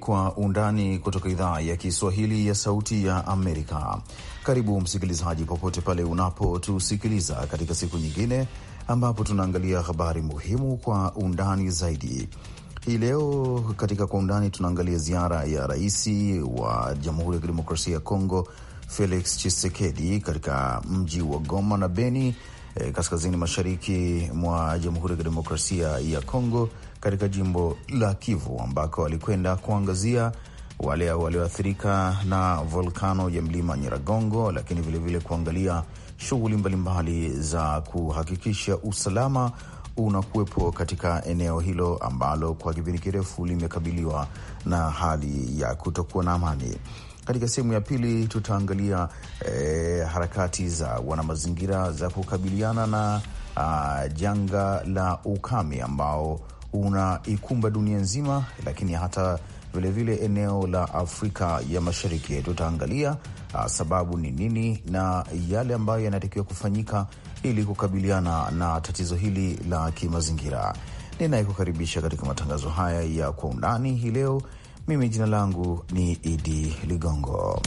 Kwa Undani kutoka idhaa ya Kiswahili ya Sauti ya Amerika. Karibu msikilizaji, popote pale unapotusikiliza katika siku nyingine ambapo tunaangalia habari muhimu kwa undani zaidi. Hii leo katika Kwa Undani tunaangalia ziara ya rais wa Jamhuri ya Kidemokrasia ya Kongo Felix Tshisekedi katika mji wa Goma na Beni, eh, kaskazini mashariki mwa Jamhuri ya Kidemokrasia ya Kongo katika jimbo la Kivu ambako alikwenda kuangazia wale walioathirika na volkano ya mlima Nyiragongo, lakini vilevile vile kuangalia shughuli mbalimbali za kuhakikisha usalama unakuwepo katika eneo hilo ambalo kwa kipindi kirefu limekabiliwa na hali ya kutokuwa na amani. Katika sehemu ya pili tutaangalia e, harakati za wanamazingira za kukabiliana na a, ah, janga la ukame ambao unaikumba dunia nzima, lakini hata vilevile vile eneo la Afrika ya Mashariki. Tutaangalia ah, sababu ni nini na yale ambayo yanatakiwa kufanyika ili kukabiliana na tatizo hili la kimazingira. Ninayekukaribisha katika matangazo haya ya kwa undani hii leo, mimi jina langu ni Idi Ligongo.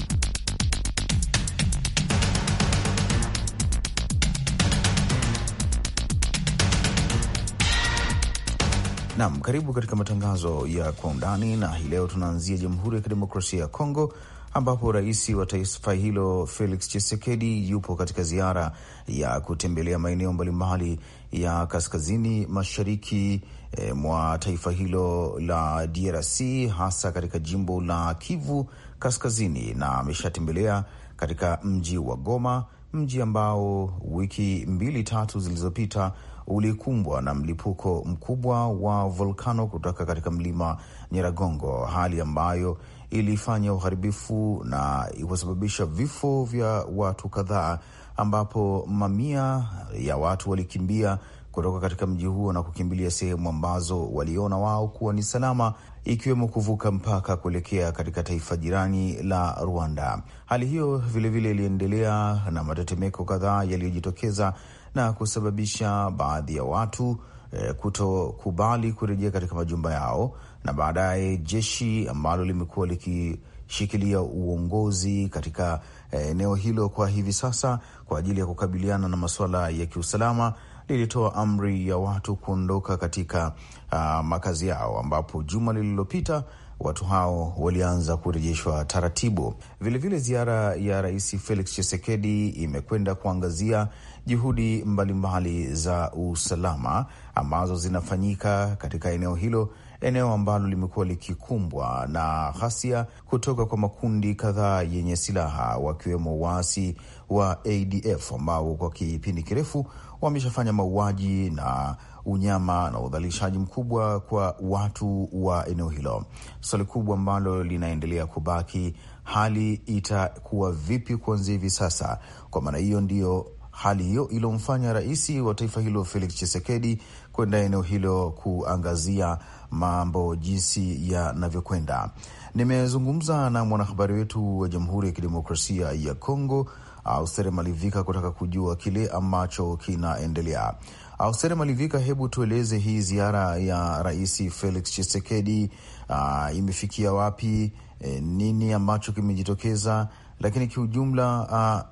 Nam, karibu katika matangazo ya kwa undani, na hii leo tunaanzia Jamhuri ya Kidemokrasia ya Kongo ambapo rais wa taifa hilo Felix Tshisekedi yupo katika ziara ya kutembelea maeneo mbalimbali ya kaskazini mashariki e, mwa taifa hilo la DRC hasa katika jimbo la Kivu Kaskazini, na ameshatembelea katika mji wa Goma, mji ambao wiki mbili tatu zilizopita ulikumbwa na mlipuko mkubwa wa volkano kutoka katika mlima Nyiragongo, hali ambayo ilifanya uharibifu na ikasababisha vifo vya watu kadhaa, ambapo mamia ya watu walikimbia kutoka katika mji huo na kukimbilia sehemu ambazo waliona wao kuwa ni salama, ikiwemo kuvuka mpaka kuelekea katika taifa jirani la Rwanda. Hali hiyo vilevile iliendelea na matetemeko kadhaa yaliyojitokeza na kusababisha baadhi ya watu eh, kutokubali kurejea katika majumba yao, na baadaye jeshi ambalo limekuwa likishikilia uongozi katika e, eneo hilo kwa hivi sasa kwa ajili ya kukabiliana na masuala ya kiusalama lilitoa amri ya watu kuondoka katika uh, makazi yao, ambapo juma lililopita watu hao walianza kurejeshwa taratibu. Vilevile, ziara ya Rais Felix Tshisekedi imekwenda kuangazia juhudi mbalimbali za usalama ambazo zinafanyika katika eneo hilo, eneo ambalo limekuwa likikumbwa na ghasia kutoka kwa makundi kadhaa yenye silaha wakiwemo waasi wa ADF ambao kwa kipindi kirefu wameshafanya mauaji na unyama na udhalilishaji mkubwa kwa watu wa eneo hilo. Swali kubwa ambalo linaendelea kubaki, hali itakuwa vipi kuanzia hivi sasa? Kwa maana hiyo ndiyo hali hiyo iliyomfanya rais wa taifa hilo Felix chisekedi kwenda eneo hilo kuangazia mambo jinsi yanavyokwenda. Nimezungumza na mwanahabari wetu wa Jamhuri ya Kidemokrasia ya Kongo, Austere Malivika, kutaka kujua kile ambacho kinaendelea. Austere Malivika, hebu tueleze hii ziara ya Rais Felix chisekedi uh, ah, imefikia wapi? E, nini ambacho kimejitokeza lakini kiujumla,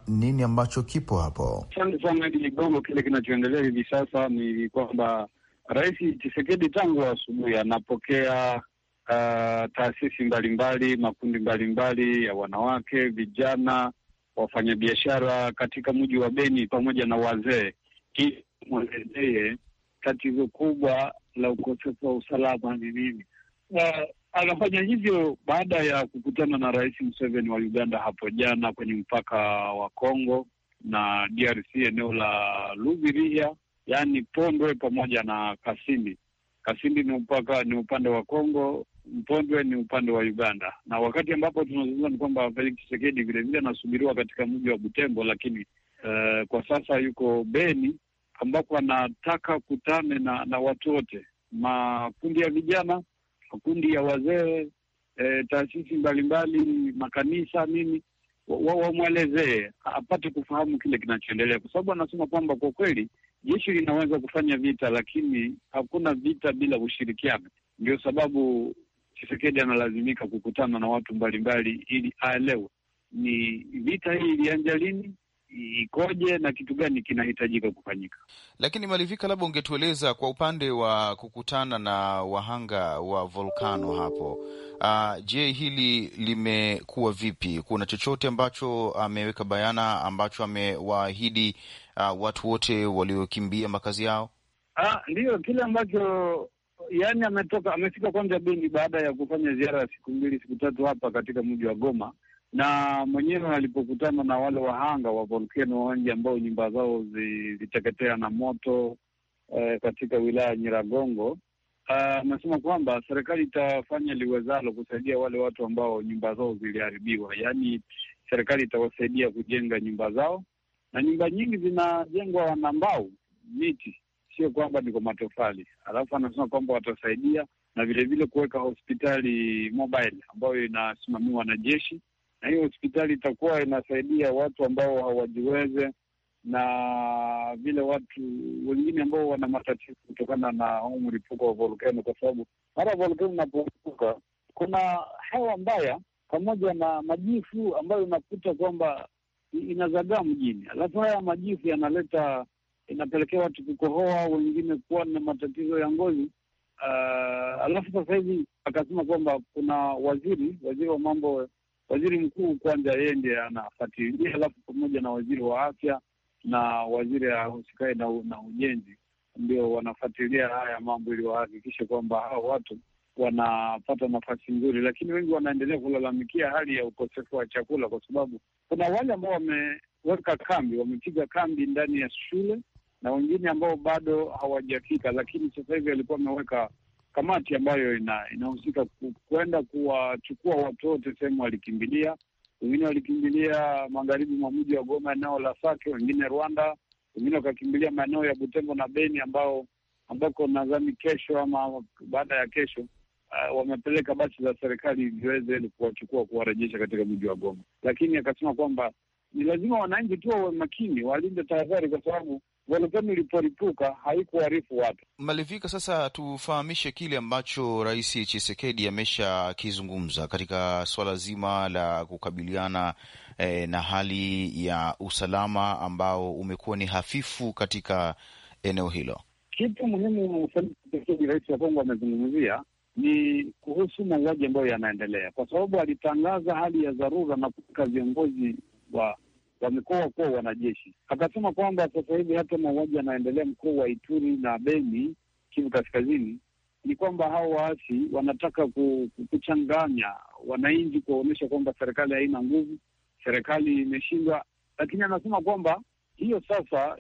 uh, nini ambacho kipo hapo? Asante sana Idi Ligongo. Kile kinachoendelea hivi sasa ni kwamba Rais chisekedi tangu asubuhi anapokea uh, taasisi mbalimbali, makundi mbalimbali ya wanawake, vijana, wafanyabiashara katika mji wa Beni pamoja na wazee, ili mwelezee tatizo kubwa la ukosefu wa usalama ni nini. Akafanya hivyo baada ya kukutana na Rais Museveni wa Uganda hapo jana kwenye mpaka wa congo na DRC eneo la luviria yaani Pondwe pamoja na Kasindi. Kasindi ni mpaka, ni upande wa Kongo, Mpondwe ni upande wa Uganda. Na wakati ambapo tunazungumza ni kwamba Felix Chisekedi vilevile anasubiriwa katika mji wa Butembo, lakini uh, kwa sasa yuko Beni ambapo anataka kutane na, na watu wote makundi ya vijana makundi ya wazee e, taasisi mbalimbali, makanisa, nini, wamwelezee wa apate kufahamu kile kinachoendelea, kwa sababu anasema kwamba kwa kweli jeshi linaweza kufanya vita, lakini hakuna vita bila ushirikiano. Ndio sababu Chisekedi analazimika kukutana na watu mbalimbali ili aelewe ni vita hii ilianja lini ikoje na kitu gani kinahitajika kufanyika. Lakini Malivika, labda ungetueleza kwa upande wa kukutana na wahanga wa volkano hapo, uh, je, hili limekuwa vipi? Kuna chochote ambacho ameweka bayana ambacho amewaahidi uh, watu wote waliokimbia makazi yao? Ah, ndiyo kile ambacho yani ametoka amefika kwanza Beni baada ya kufanya ziara ya siku mbili siku tatu hapa katika mji wa Goma na mwenyewe alipokutana na wale wahanga wa volkeno wengi ambao nyumba zao ziliteketea na moto eh, katika wilaya ya Nyiragongo eh, amesema uh, kwamba serikali itafanya liwezalo kusaidia wale watu ambao nyumba zao ziliharibiwa. Yaani serikali itawasaidia kujenga nyumba zao, na nyumba nyingi zinajengwa na mbao, miti, sio kwamba ni kwa matofali. Alafu anasema kwamba watasaidia na vilevile kuweka hospitali mobile ambayo inasimamiwa na jeshi na hiyo hospitali itakuwa inasaidia watu ambao hawajiweze na vile watu wengine ambao wana matatizo kutokana na huu mlipuko wa volkano, kwa sababu mara volkano inapolipuka kuna hewa mbaya pamoja na majifu ambayo unakuta kwamba inazagaa mjini, alafu haya majifu yanaleta inapelekea watu kukohoa, wengine kuwa na matatizo ya ngozi. Uh, alafu sasa hivi akasema kwamba kuna waziri waziri wa mambo waziri mkuu kwanza yeye ndiye anafatilia alafu pamoja na waziri wa afya na waziri ahusikae na, na ujenzi ndio wanafatilia haya mambo ili wahakikishe kwamba hao watu wanapata nafasi nzuri, lakini wengi wanaendelea kulalamikia hali ya ukosefu wa chakula, kwa sababu kuna wale ambao wameweka kambi, wamepiga kambi ndani ya shule na wengine ambao bado hawajafika, lakini sasa hivi alikuwa ameweka kamati ambayo ina, inahusika kwenda kuwachukua watu wote sehemu walikimbilia. Wengine walikimbilia magharibi mwa mji wa Goma, eneo la Sake, wengine Rwanda, wengine wakakimbilia maeneo ya Butembo na Beni ambao ambako nadhani kesho ama baada ya kesho uh, wamepeleka basi za serikali ziweze ili kuwachukua kuwarejesha katika mji wa Goma. Lakini akasema kwamba ni lazima wananchi tu wawe makini, walinde tahadhari, kwa sababu volkano iliporipuka haikuharifu watu. Malivika, sasa tufahamishe kile ambacho Rais Chisekedi ameshakizungumza katika suala zima la kukabiliana eh, na hali ya usalama ambao umekuwa ni hafifu katika eneo hilo. Kitu muhimu Chisekedi, rais wa Kongo, amezungumzia ni kuhusu mauaji ambayo yanaendelea, kwa sababu alitangaza hali ya dharura na kuweka viongozi wa wamekuwa kuwa wanajeshi. Akasema kwamba sasa hivi hata mauaji yanaendelea mkoa wa Ituri na Beni, Kivu Kaskazini, ni kwamba hao waasi wanataka kuchanganya wananchi, kuwaonyesha kwamba serikali haina nguvu, serikali imeshindwa. Lakini anasema kwamba hiyo sasa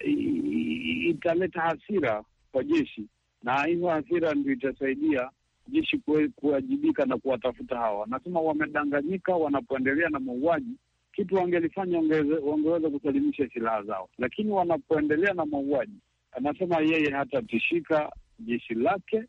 italeta hasira kwa jeshi, na hiyo hasira ndio itasaidia jeshi kuwajibika na kuwatafuta hawa. Anasema wamedanganyika wanapoendelea na mauaji kitu wangelifanya wangeweza kusalimisha silaha zao, lakini wanapoendelea na mauaji, anasema yeye hatatishika, jeshi lake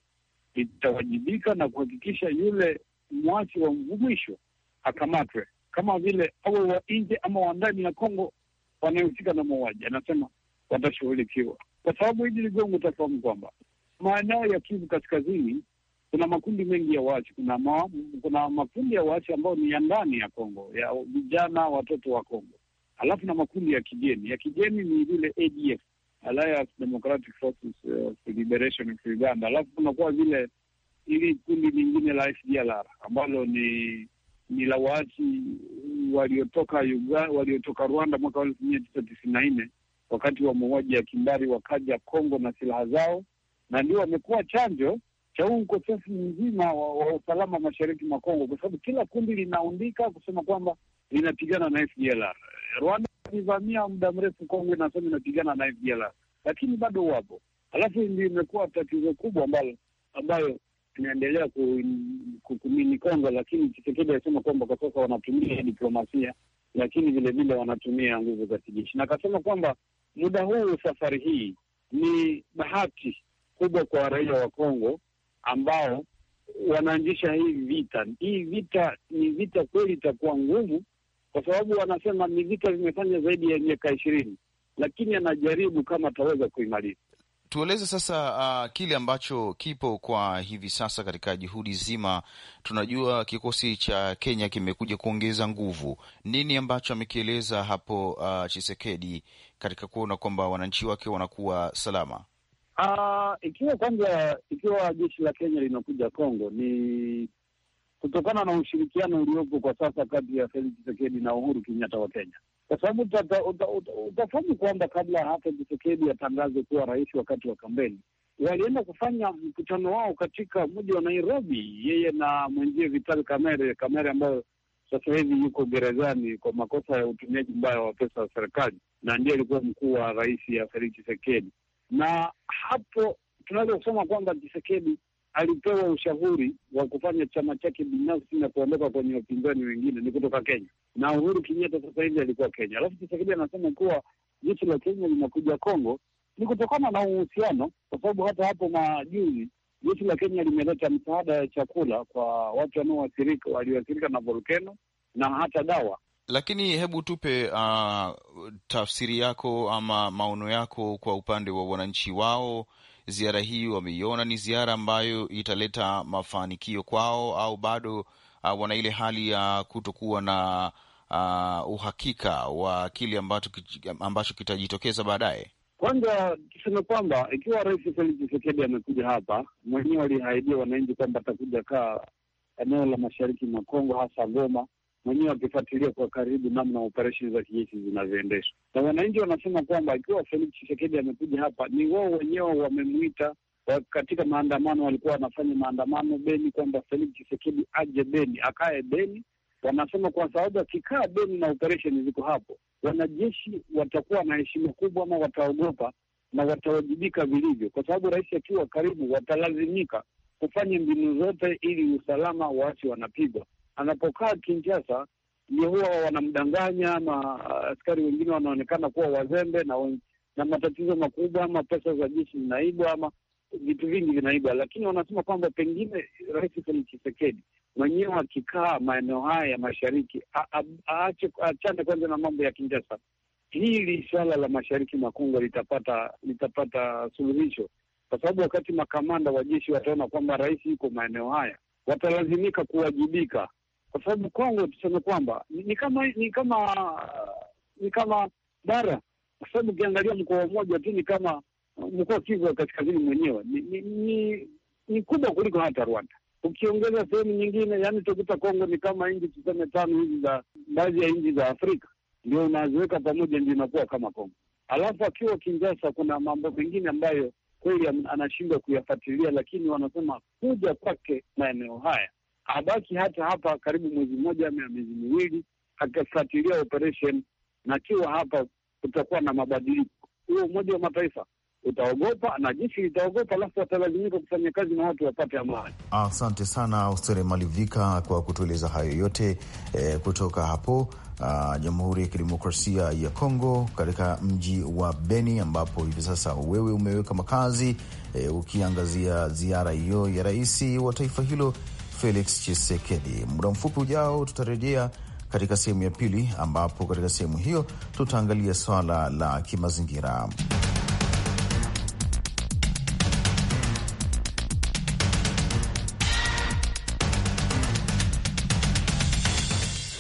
litawajibika na kuhakikisha yule mwasi wa mwisho akamatwe, kama vile awe wa nje ama wa ndani ya Kongo wanayehusika na mauaji, anasema watashughulikiwa, kwa sababu hili ligongo utafahamu kwamba maeneo ya Kivu Kaskazini kuna makundi mengi ya waasi. Kuna, ma, kuna makundi ya waasi ambayo ni ya ndani ya Kongo, ya vijana watoto wa Kongo, alafu na makundi ya kigeni. Ya kigeni ni vile ADF, Alliance Democratic Forces eh, for Liberation of Uganda, alafu kunakuwa vile ili kundi lingine la FDLR ambalo ni ni la waasi waliotoka Uga, waliotoka Rwanda mwaka wa elfu mia tisa tisini na nne wakati wa mauaji ya kimbari, wakaja Kongo na silaha zao, na ndio wamekuwa chanjo ukosefu mzima wa, wa usalama mashariki mwa Kongo, kwa sababu kila kundi linaundika kusema kwamba linapigana na FDLR. Rwanda ilivamia muda mrefu Kongo, inasema inapigana na FDLR, lakini bado wapo. Alafu ndio imekuwa tatizo kubwa ambayo, ambayo inaendelea kukumini Kongo, lakini Tshisekedi asema kwamba kwa sasa wanatumia diplomasia, lakini vilevile wanatumia nguvu za kijeshi, na akasema kwamba muda huu, safari hii ni bahati kubwa kwa raia wa Kongo ambao wanaanzisha hii vita. Hii vita ni vita kweli, itakuwa ngumu, kwa sababu wanasema ni vita vimefanya zaidi ya miaka ishirini, lakini anajaribu kama ataweza kuimaliza. Tueleze sasa uh, kile ambacho kipo kwa hivi sasa katika juhudi zima. Tunajua kikosi cha Kenya kimekuja kuongeza nguvu. Nini ambacho amekieleza hapo uh, Chisekedi katika kuona kwamba wananchi wake wanakuwa salama? Uh, ikiwa kwanza, ikiwa jeshi la Kenya linakuja Kongo ni kutokana na ushirikiano uliopo kwa sasa kati ya Felix Tshisekedi na Uhuru Kenyatta wa Kenya, kwa sababu utafahamu kwamba kabla hata Tshisekedi atangaze kuwa rais, wakati wa kampeni walienda kufanya mkutano wao katika mji wa Nairobi, yeye na mwenzie Vital Kamerhe, Kamerhe ambayo sasa hivi yuko gerezani kwa makosa ya utumiaji mbaya wa pesa za serikali, na ndiye alikuwa mkuu wa rais ya Felix Tshisekedi na hapo tunaweza kusema kwamba chisekedi alipewa ushauri wa kufanya chama chake binafsi na kuondoka kwenye wapinzani wengine, ni kutoka Kenya, na Uhuru Kenyatta sasa hivi alikuwa Kenya. Alafu chisekedi anasema kuwa jeshi la Kenya linakuja Kongo ni kutokana na uhusiano, kwa sababu hata hapo majuzi jeshi la Kenya limeleta msaada ya chakula kwa watu wanaoathirika walioathirika na volkeno na hata dawa lakini hebu tupe uh, tafsiri yako ama maono yako kwa upande wa wananchi wao. Ziara hii wameiona ni ziara ambayo italeta mafanikio kwao, au bado uh, wana ile hali ya uh, kutokuwa na uh, uhakika wa kile ambacho, ambacho kitajitokeza baadaye? Kwanza tuseme kwamba ikiwa Rais Felix Tshisekedi amekuja hapa mwenyewe, aliahidia wananchi kwamba atakuja kaa eneo la mashariki mwa Kongo, hasa Goma mwenyewe akifuatilia kwa karibu namna operesheni za kijeshi zinavyoendeshwa. Na wananchi wanasema kwamba ikiwa Felix chisekedi amekuja hapa, ni wao wenyewe wamemwita katika maandamano, walikuwa wanafanya maandamano Beni kwamba Felix chisekedi aje Beni, akae Beni. Wanasema kwa sababu akikaa Beni na operesheni ziko hapo, wanajeshi watakuwa na heshima kubwa, ama wataogopa na watawajibika vilivyo, kwa sababu rais akiwa karibu watalazimika kufanya mbinu zote ili usalama waasi wanapigwa anapokaa Kinshasa ni huwa wanamdanganya ama uh, askari wengine wanaonekana kuwa wazembe na, na matatizo makubwa ama pesa za jeshi zinaibwa ama vitu vingi vinaibwa, lakini wanasema kwamba pengine Rais Felix Tshisekedi mwenyewe akikaa maeneo haya ya mashariki aachane kwanza na mambo ya Kinshasa, hili swala la mashariki mwa Kongo litapata litapata suluhisho, kwa sababu wakati makamanda wa jeshi wataona kwamba rais yuko maeneo haya, watalazimika kuwajibika kwa sababu Kongo tuseme kwamba ni kama ni kama ni kama bara, kwa sababu ukiangalia mkoa mmoja tu ni kama uh, mkoa Kivu ya kaskazini mwenyewe ni, ni, ni, ni kubwa kuliko hata Rwanda. Ukiongeza sehemu nyingine, yaani utakuta Kongo ni kama nchi tuseme tano hizi za baadhi ya nchi za Afrika, ndio unaziweka pamoja, ndio inakuwa kama Kongo. Alafu akiwa Kinshasa kuna mambo mengine ambayo kweli anashindwa kuyafuatilia, lakini wanasema kuja kwake maeneo haya abaki hata hapa karibu mwezi mmoja ama miezi miwili akifuatilia operation, na kiwa hapa kutakuwa na mabadiliko, huo Umoja wa Mataifa utaogopa na jeshi litaogopa, alafu watalazimika kufanya kazi na watu wapate amani. Asante sana Austere Malivika kwa kutueleza hayo yote eh, kutoka hapo ah, Jamhuri ya Kidemokrasia ya Kongo katika mji wa Beni ambapo hivi sasa wewe umeweka makazi e, ukiangazia ziara hiyo ya rais wa taifa hilo Felix Chisekedi. Muda mfupi ujao tutarejea katika sehemu ya pili, ambapo katika sehemu hiyo tutaangalia swala la kimazingira.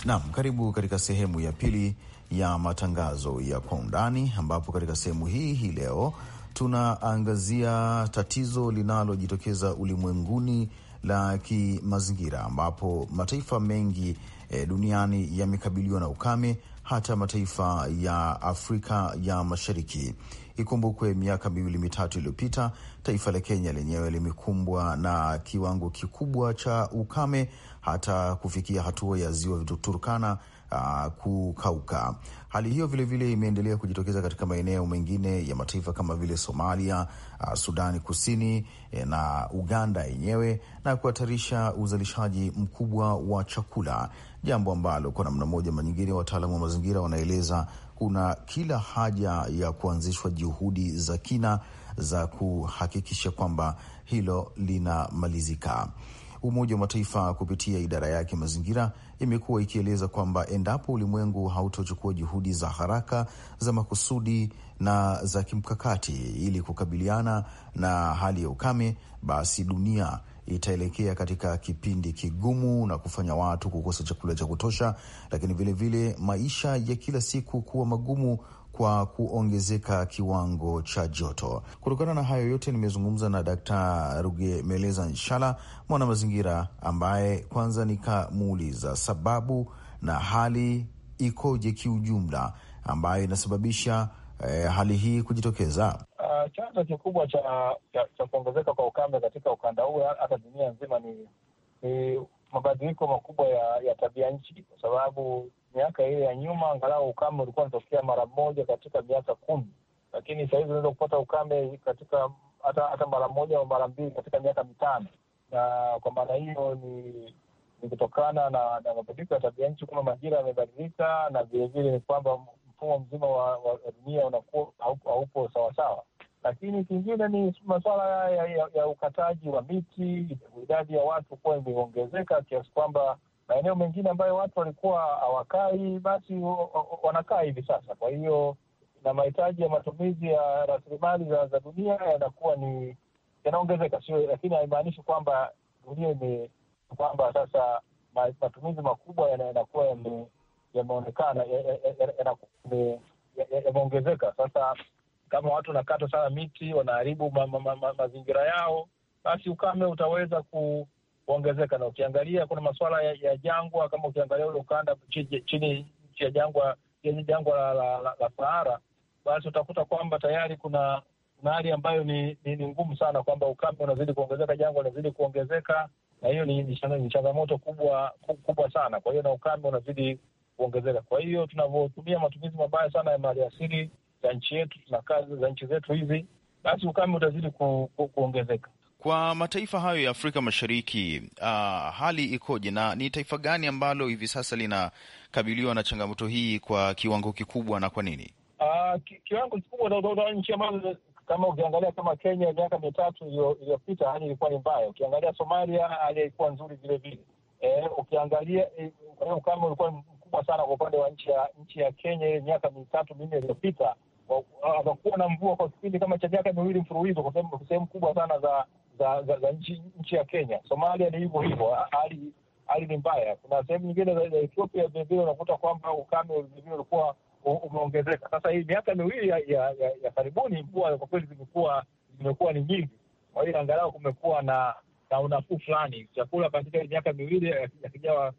Naam, karibu katika sehemu ya pili ya matangazo ya kwa undani, ambapo katika sehemu hii hii leo tunaangazia tatizo linalojitokeza ulimwenguni la kimazingira ambapo mataifa mengi e, duniani yamekabiliwa na ukame, hata mataifa ya Afrika ya Mashariki. Ikumbukwe miaka miwili mitatu iliyopita taifa la Kenya lenyewe limekumbwa na kiwango kikubwa cha ukame hata kufikia hatua ya ziwa Turkana uh, kukauka. Hali hiyo vilevile imeendelea kujitokeza katika maeneo mengine ya mataifa kama vile Somalia, uh, Sudani Kusini eh, na Uganda yenyewe na kuhatarisha uzalishaji mkubwa wa chakula, jambo ambalo kwa namna moja manyingine wataalamu wa mazingira wanaeleza kuna kila haja ya kuanzishwa juhudi za kina za kuhakikisha kwamba hilo linamalizika. Umoja wa Mataifa kupitia idara yake mazingira imekuwa ikieleza kwamba endapo ulimwengu hautochukua juhudi za haraka za makusudi na za kimkakati ili kukabiliana na hali ya ukame, basi dunia itaelekea katika kipindi kigumu na kufanya watu kukosa chakula cha kutosha, lakini vilevile vile maisha ya kila siku kuwa magumu kwa kuongezeka kiwango cha joto. Kutokana na hayo yote, nimezungumza na ruge Rugemeleza Nshala, mwanamazingira ambaye kwanza nikamuuliza sababu na hali ikoje kiujumla ambayo inasababisha eh, hali hii kujitokeza. Uh, chanzo kikubwa cha cha kuongezeka kwa ukame katika ukanda huu hata dunia nzima ni, ni mabadiliko makubwa ya, ya tabia nchi kwa sababu miaka ile ya nyuma angalau ukame ulikuwa unatokea mara moja katika miaka kumi, lakini sahizi unaweza kupata ukame katika hata hata mara moja au mara mbili katika miaka mitano, na kwa maana hiyo ni ni kutokana na na mabadiliko ya tabia nchi, kama majira yamebadilika, na vilevile ni kwamba mfumo mzima wa, wa dunia unakuwa haupo sawasawa. Lakini kingine ni masuala ya, ya, ya ukataji wa miti, idadi ya watu kuwa imeongezeka kiasi kwamba maeneo mengine ambayo watu walikuwa hawakai, basi wanakaa hivi sasa. Kwa hiyo na mahitaji ya matumizi ya rasilimali za, za dunia yanakuwa ni yanaongezeka, sio lakini haimaanishi kwamba dunia ime kwamba sasa matumizi makubwa yanakuwa yameonekana yameongezeka. Sasa kama watu wanakata sana miti wanaharibu mazingira yao, basi ukame utaweza ku kuongezeka, na ukiangalia kuna masuala ya, ya jangwa kama ukiangalia ule ukanda chini nchi ya jangwa jangwa la, la, la, la Sahara, basi utakuta kwamba tayari kuna hali ambayo ni, ni, ni ngumu sana kwamba ukame unazidi kuongezeka, jangwa linazidi kuongezeka, na hiyo ni, ni changamoto kubwa kubwa sana. Kwa hiyo na ukame unazidi kuongezeka, kwa hiyo tunavyotumia matumizi mabaya sana ya mali asili za nchi yetu na kazi za nchi zetu hizi, basi ukame utazidi ku, ku, kuongezeka. Kwa mataifa hayo ya Afrika Mashariki, uh, hali ikoje na ni taifa gani ambalo hivi sasa linakabiliwa na changamoto hii kwa kiwango kikubwa na kwa nini? Uh, ki, kiwango kikubwa na nchi ambazo kama ukiangalia kama Kenya miaka mitatu iliyopita hali ilikuwa ni mbaya. Ukiangalia Somalia hali ilikuwa nzuri vile vile. Eh, ukiangalia eh, eh, ukame ulikuwa mkubwa sana kwa upande wa nchi ya nchi ya Kenya miaka mitatu minne iliyopita hapakuwa na mvua kwa kipindi kama cha miaka miwili mfululizo kwa sehemu kubwa sana za za, za, za nchi, nchi ya Kenya. Somalia ni hivyo hivyo, hali hali ni mbaya. Kuna sehemu nyingine za Ethiopia vilevile unakuta kwamba ukame vilevile ulikuwa umeongezeka. Sasa hii miaka miwili ya, ya, ya, ya karibuni mvua kwa kweli zimekuwa zimekuwa ni nyingi, kwa hiyo angalau kumekuwa na na unafuu fulani. Chakula katika miaka miwili hakijawa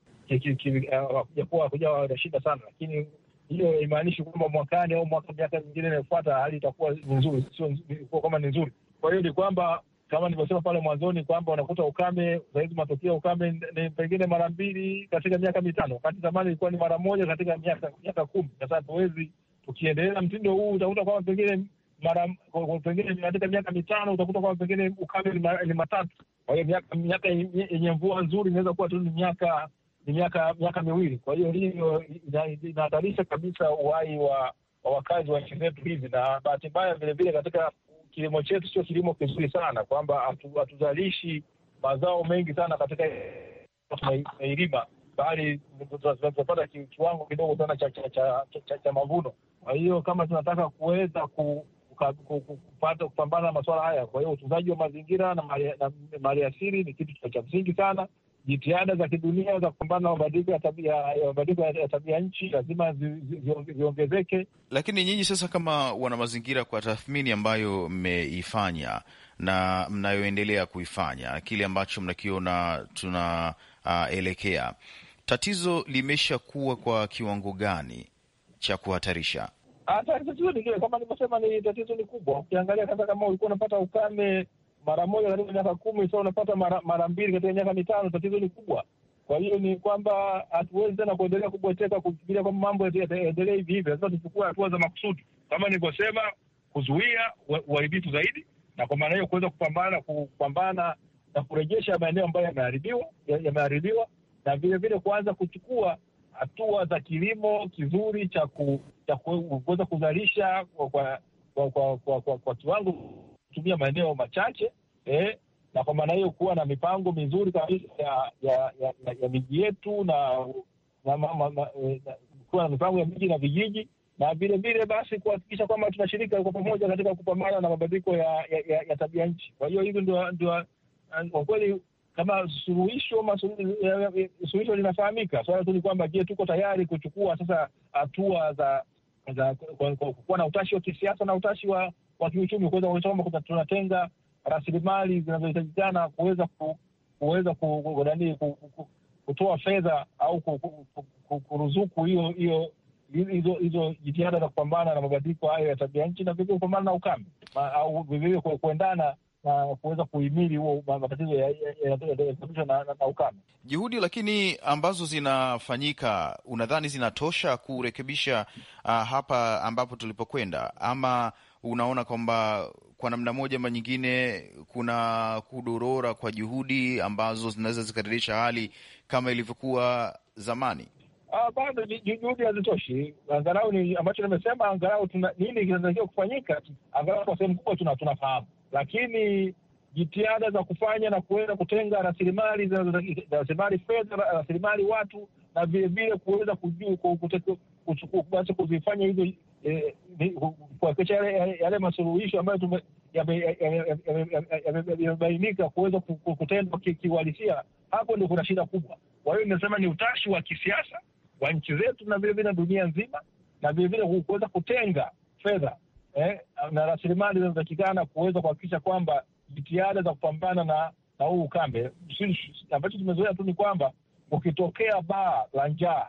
kujawa na shida sana, lakini hiyo haimaanishi kwamba mwakani au mwaka miaka mingine inayofuata hali itakuwa nzuri, sio kama ni nzuri. Kwa hiyo ni kwamba kama nilivyosema pale mwanzoni kwamba unakuta ukame sahizi, matokeo ya ukame ni pengine mara mbili katika miaka mitano, wakati zamani ilikuwa ni mara moja katika miaka miaka kumi. Sasa hatuwezi tukiendelea mtindo huu, utakuta kwamba pengine mara pengine katika miaka mitano utakuta kwamba pengine ukame ni matatu. Kwa hiyo miaka yenye mvua nzuri inaweza kuwa tu ni miaka ni miaka miaka miwili. Kwa hiyo hiyo inahatarisha kabisa uhai wa wakazi wa nchi zetu hizi, na bahati mbaya vilevile katika kilimo chetu sio kilimo kizuri sana, kwamba hatuzalishi mazao mengi sana katika tunailima, bali tunapata kiwango kidogo sana cha, cha, cha, cha, cha mavuno. Kwa hiyo kama tunataka kuweza ku, kupambana na masuala haya, kwa hiyo utunzaji wa mazingira na maliasili ni kitu cha msingi sana jitihada za kidunia za kupambana na mabadiliko ya tabia ya tabia nchi lazima ziongezeke zi, zi, zi. Lakini nyinyi sasa, kama wana mazingira, kwa tathmini ambayo mmeifanya na mnayoendelea kuifanya, kile ambacho mnakiona tunaelekea, uh, tatizo limeshakuwa kwa kiwango gani cha kuhatarisha? Ah, tatizo lingine kama nilivyosema, ni tatizo ni kubwa. Ukiangalia sasa, kama ulikuwa unapata ukame mara moja katika miaka kumi, sa unapata mara, mara mbili katika miaka mitano. Tatizo ni kubwa. Kwa hiyo ni kwamba hatuwezi tena kuendelea kubweteka kufikiria kwamba mambo yataendelea hivi hivi. Lazima tuchukue hatua za makusudi, kama nilivyosema, kuzuia uharibifu zaidi, na kwa maana hiyo kuweza kupambana kupambana na kurejesha maeneo ambayo yameharibiwa yameharibiwa, na vile vile kuanza kuchukua hatua za kilimo kizuri cha kuweza kuzalisha kwa kwa kwa kwa kiwango kutumia maeneo machache eh, na kwa maana hiyo kuwa na mipango mizuri kabisa ya, ya, ya, ya, ya miji yetu na, na, na, na, na, na kuwa na mipango ya miji na vijiji na vilevile basi kuhakikisha kwamba tunashirika kwa pamoja katika kupambana na mabadiliko ya, ya, ya, ya tabia nchi. Kwa hiyo hivi ndio ndio kwa kweli kama suluhisho suluhisho linafahamika. Swala tu ni kwamba je, tuko tayari kuchukua sasa hatua za za kuwa na utashi wa kisiasa na utashi wa wa kiuchumi kuweza kuonyesha kwamba tunatenga rasilimali zinazohitajikana kuweza kuweza kutoa fedha au kuruzuku hiyo hiyo hizo hizo jitihada za kupambana na mabadiliko hayo ya tabia nchi na vilevile kupambana na ukame au vilevile kuendana na kuweza kuhimili huo matatizo yanayosababishwa na ukame. Juhudi lakini ambazo zinafanyika, unadhani zinatosha kurekebisha uh, hapa ambapo tulipokwenda ama unaona kwamba kwa namna moja ama nyingine kuna kudorora kwa juhudi ambazo zinaweza zikadirisha hali kama ilivyokuwa zamani? Uh, bado juhudi hazitoshi. Angalau ni ambacho nimesema, angalau tuna nini kinatakiwa kufanyika, angalau kwa sehemu kubwa tuna tunafahamu, lakini jitihada za kufanya na kuweza kutenga rasilimali rasilimali fedha, rasilimali watu na vilevile kuweza kuzifanya hizo Eh, kuhakikisha yale masuluhisho ambayo yamebainika kuweza kutendwa kiuhalisia, hapo ndio kuna shida kubwa. Kwa hiyo inasema ni utashi wa kisiasa wa nchi zetu na vilevile dunia nzima, na vilevile kuweza kutenga fedha eh, na rasilimali zinazotakikana kuweza kuhakikisha kwamba jitihada za kupambana na na huu ukambe. Ambacho tumezoea tu ni kwamba ukitokea baa la njaa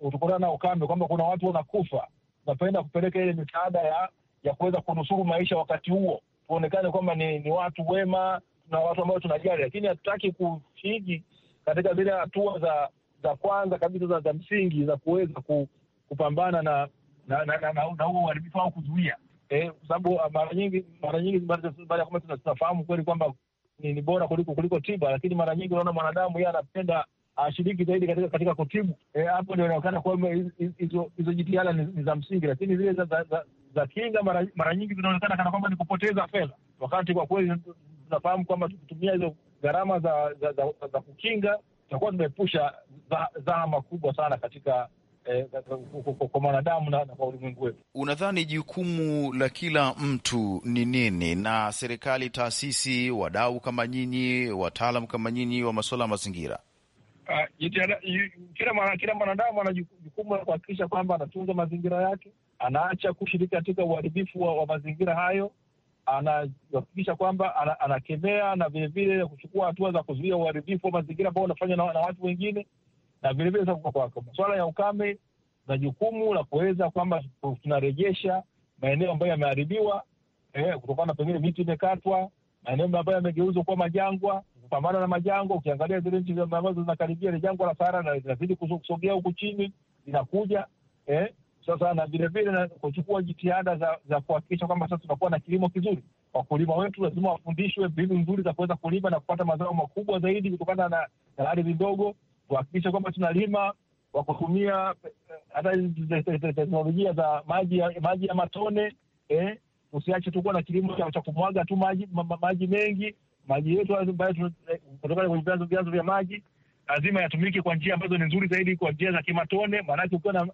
utukutana na ukambe, kwamba kuna watu wanakufa tunapenda kupeleka ile misaada ya ya kuweza kunusuru maisha wakati huo, tuonekane kwamba ni, ni watu wema na watu ambao tunajali, lakini hatutaki kushiriki katika zile hatua za za kwanza kabisa za, za msingi za kuweza ku, kupambana na na na, na, na, na uharibifu au kuzuia eh, kwa sababu ah, mara nyingi mara nyingi baada ya kwamba tunafahamu kweli kwamba ni, ni bora kuliko kuliko tiba, lakini mara nyingi unaona mwanadamu yeye anapenda ashiriki zaidi katika, katika kutibu e, hapo. E, ndio inaonekana kwamba hizo jitihada ni, ni za msingi, lakini zile za, za, za, za kinga mara, mara nyingi zinaonekana kana kwamba ni kupoteza fedha, wakati kwa kweli tunafahamu kwamba tukitumia hizo gharama za, za, za, za, za kukinga tutakuwa tunaepusha dhahama kubwa sana katika e, kwa mwanadamu na kwa ulimwengu wetu. Unadhani jukumu la kila mtu ni nini, na serikali, taasisi, wadau kama nyinyi, wataalam kama nyinyi wa masuala ya mazingira? uh, kila mwanadamu ana jukumu la kuhakikisha kwamba anatunza mazingira yake, anaacha kushiriki katika uharibifu wa, wa mazingira hayo, anahakikisha kwamba anakemea na vilevile kuchukua hatua za kuzuia uharibifu wa mazingira ambao unafanywa na, na watu wengine na vilevile masuala ya ukame na jukumu la kuweza kwamba tunarejesha maeneo ambayo yameharibiwa, eh, kutokana pengine miti imekatwa, maeneo ambayo yamegeuzwa kuwa majangwa kupambana na majango. Ukiangalia zile nchi ambazo zinakaribia ile jangwa la Sahara na zinazidi kusogea huku chini zinakuja eh? Sasa na vilevile kuchukua jitihada za, za kuhakikisha kwamba sasa tunakuwa na kilimo kizuri. Wakulima wetu lazima wafundishwe mbinu nzuri za kuweza kulima na kupata mazao makubwa zaidi kutokana na, na ardhi ndogo. Tuhakikishe kwamba tunalima kwa kutumia eh, hata teknolojia za maji ya, maji ya matone eh? Usiache tukuwa na kilimo cha kumwaga tu maji, ma, maji mengi maji yetu ambayo eh, kutoka kwenye vyanzo vyanzo vya maji lazima yatumike kwa njia ambazo ni nzuri zaidi, kwa njia za kimatone. Maanake ukiwa na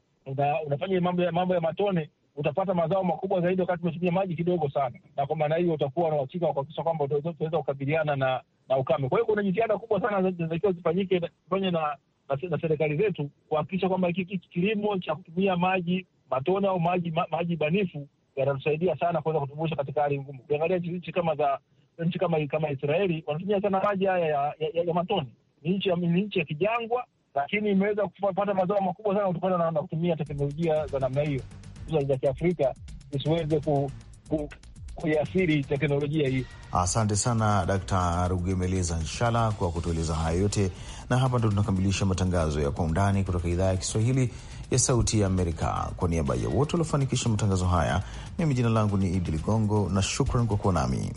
unafanya mambo ya mambo ya matone utapata mazao makubwa zaidi wakati umetumia maji kidogo sana, na kwa maana hiyo utakuwa na uhakika wa kuhakikisha kwamba utaweza kukabiliana na na ukame. Kwa hiyo kuna jitihada kubwa sana zinatakiwa zifanyike fanye na na na serikali zetu kuhakikisha kwamba hiki kilimo cha kutumia maji matone au maji ma, maji banifu yanatusaidia sana kuweza kutumbusha katika hali ngumu. Ukiangalia nchi kama za nchi kama kama Israeli wanatumia sana maji haya ya, ya, ya, ya matoni. Ni nchi ya, ni nchi ya kijangwa, lakini imeweza kupata mazao makubwa sana kutokana na, na kutumia teknolojia za namna hiyo, hususan za Kiafrika isiweze ku, ku, kuiathiri teknolojia hii. Asante sana Dkt. Rugemeleza Nshala kwa kutueleza hayo yote, na hapa ndo tunakamilisha matangazo ya Kwa Undani kutoka idhaa ya Kiswahili ya Sauti ya Amerika. Kwa niaba ya wote waliofanikisha matangazo haya, mimi jina langu ni Idi Ligongo na shukran kwa kuwa nami.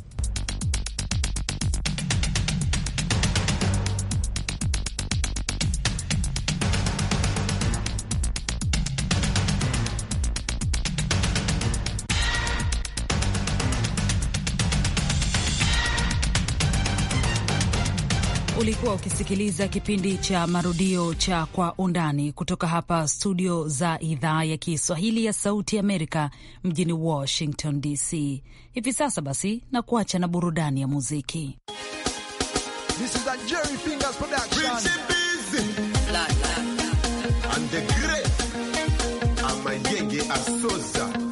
Umekuwa ukisikiliza kipindi cha marudio cha Kwa Undani kutoka hapa studio za idhaa ya Kiswahili ya Sauti Amerika mjini Washington DC. Hivi sasa basi na kuacha na burudani ya muziki. This is a Jerry Fingers production.